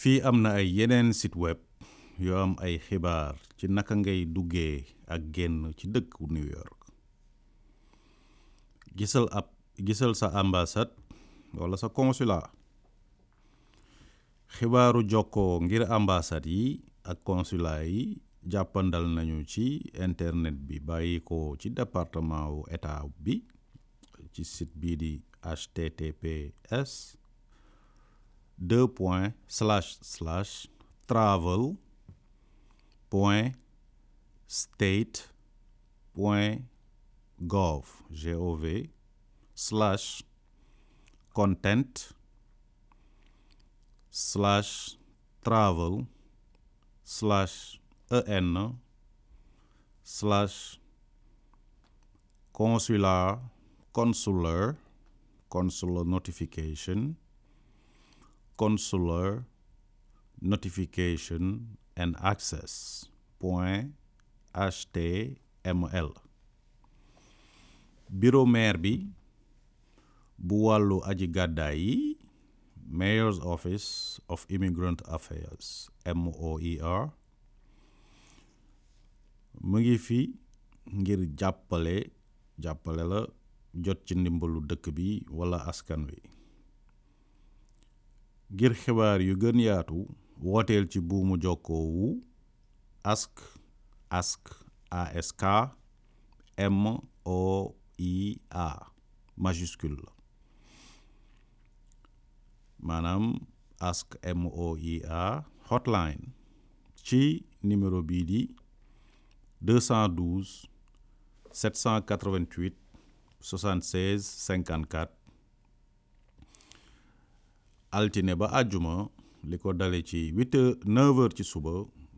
fii am na ay yeneen site web yoo am ay xibaar ci naka ngay duggee ak génn ci dëkku New York gisal ab gisal sa ambassade wala sa consulat xibaaru jokkoo ngir ambassade yi ak consulat yi jàppandal nañu ci internet bi bàyyi ko ci département wu état bi ci sit bii di https deux point slash slash travel point state point gov gov slash content slash travel slash en slash consular consular consular notification consular notification and access point html bureau maire bi bu wàllu aji gàddaay yi mayor's office of immigrant affairs moer mu ngi fi ngir jàppale jàppale la jot ci ndimbalu dëkk bi walla askan wi ngir xibaar yu gën yaatu wooteel ci buumu jokkoo wu ask ask ask majuscule la maanaam ask m o i a hotline ci numéro bii di 212 788 76 54 altine ba àjjuma li ko dale ci huit heures ci suba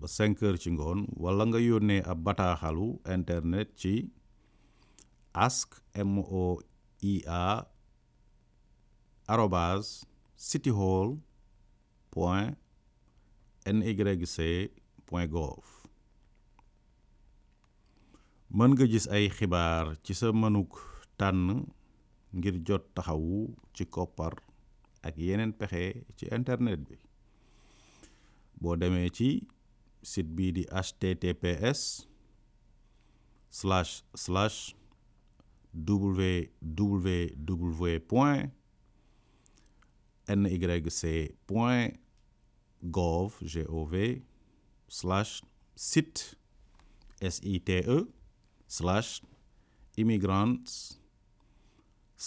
ba cinq ci ngoon wala nga yónnee ab bataaxalu internet ci ask moia arobase cityhall point nyc point gov mën nga gis ay xibaar ci sa mënuk tànn ngir jot taxawu ci koppar ak yeneen pexe ci internet bi boo demee ci site bii di https slash slash www point nyc point gov gov slash site site slash immigrants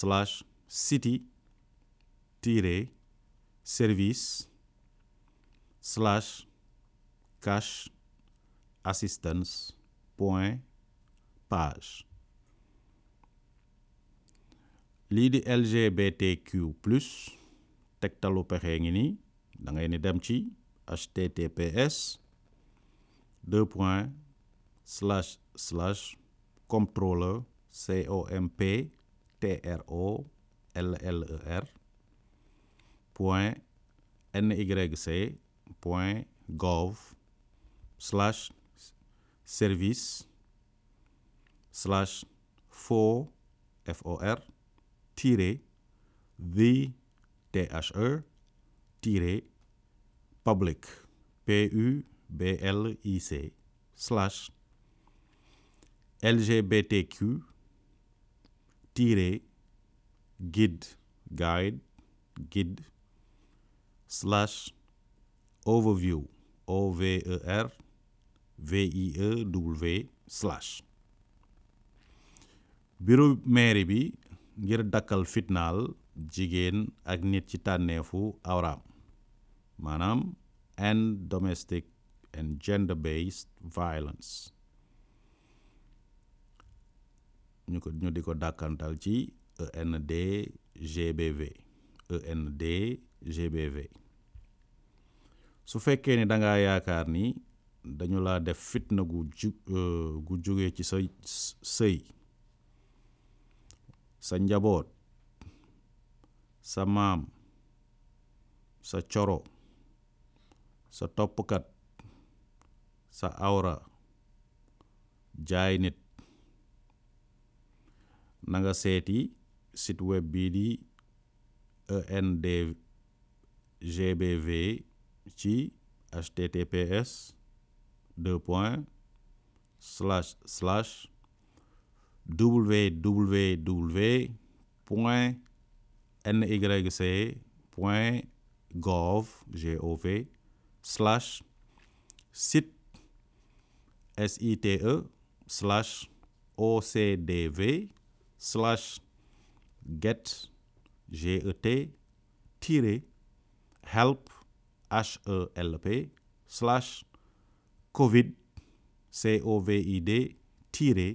slash city tiret service slash cash assistance point page lii di LGBTQ plus tegtalu pexe ngi ni da ngay ni dem ci https deux point slash slash point NYC point gov slash service slash for for tiret the THE tiret public PUBLIC slash LGBTQ tiret guide guide guide slash overview o v e r e bi ngir dakkal fitnaal jigéen ak nit ci tànneefu awraam maanaam and domestic and gender based violence ñu ko ñu di ko dàkkantal ci END GBV END GBV su fekkee ne danga yaakaar ni dañu laa def fitna gu ju euh, gu jógee ci sa sëy sa njaboot sa maam sa coro sa toppkat sa awra jaay nit na nga seeti site bii di END gbv ci https deux points slash slash www point nyc point gov gov slash site site slash ocdv slash get get tiré help H E L covid C O D tiré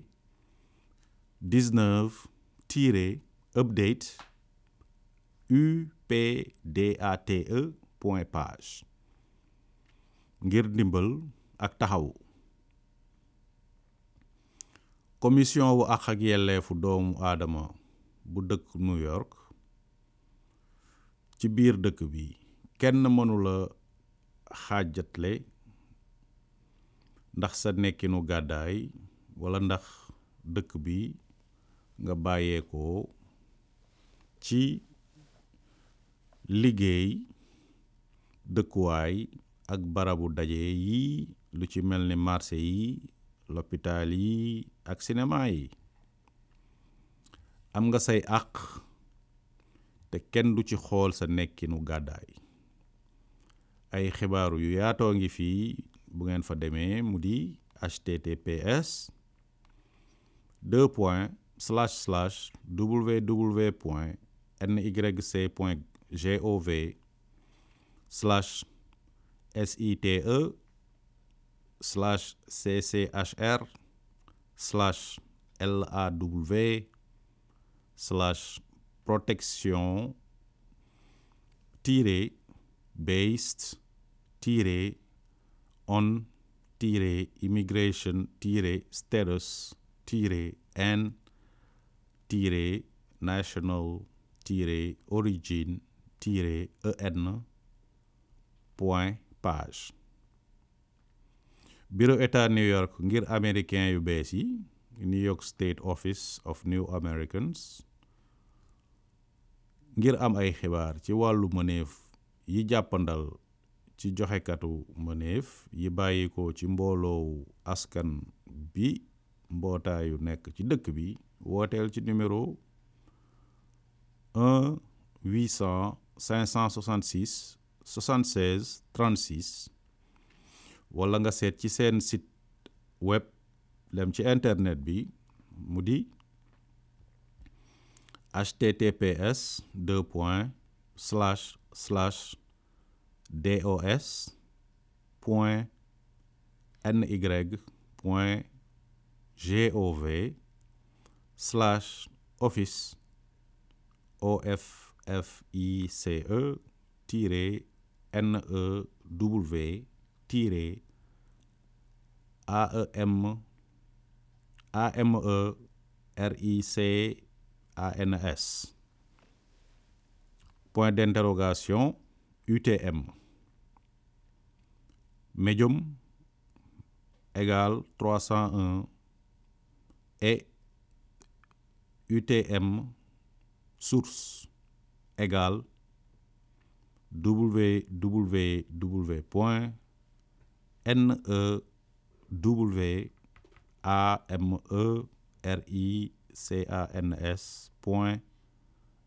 19 tiré update e ngir ndimbal ak taxawu. commission wu àq ak yelleefu doomu aadama bu dëkk New York ci biir dëkk bii kenn mënula xaajatle ndax sa nekkinu gàddaay walla ndax dëkk bi nga bàyyeekoo ci liggéey dëkkuwaay ak barabu daje yi lu ci mel ni marché yi l'hôpital yi ak cinéma yi am nga say àq te kenn du ci xool sa nekkinu gàddaay ay xibaaru yu yaatoo ngi fii bu ngeen fa demee mu di https deux point slash e slash www point nyc point gov slash site slash cchr slash law slash protection tiré based tiret on tiret immigration tiret status tiret and tiret national tiret origine tiret en point page bureau état New York ngir américain yu bees yi New York State Office of New Americans ngir am ay xibaar ci wàllu mëneef yi jàppandal ci joxekatu mëneef yi bàyyi ko ci mbooloowu askan bi mbootaayu nekk ci dëkk bi wooteel ci numéro 1 800 566 76 36 wala nga seet ci seen site web dem ci internet bi mu di https deux point slash dos point ny point gov slash office office tiré new tiré aem americans point d'interrogation UTM médium égale trois cent un et UTM source égale www point n e w a m e r i point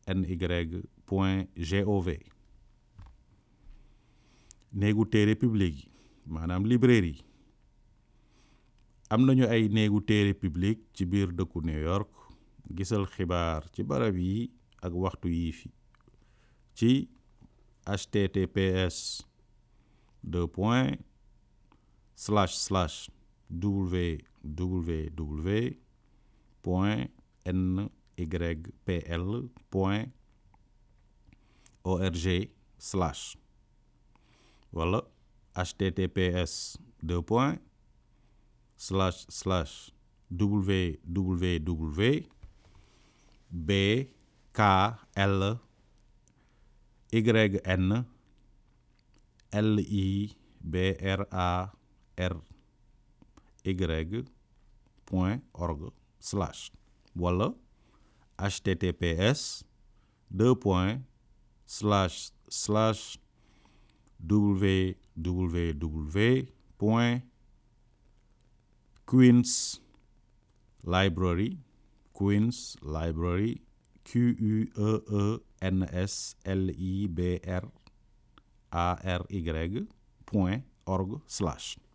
n y point g o v néegu téere public maanaam librairie am nañu ay néegu téere public ci biir dëkku New York gisal xibaar ci barab yi ak waxtu yii fi ci https deux point slash slash www point nypl point org slash https deux points slash slash www b k l n l i b r a r y point org slash https www point Queens Library Queens Library Q U E E N S L I B R A R Y point org slash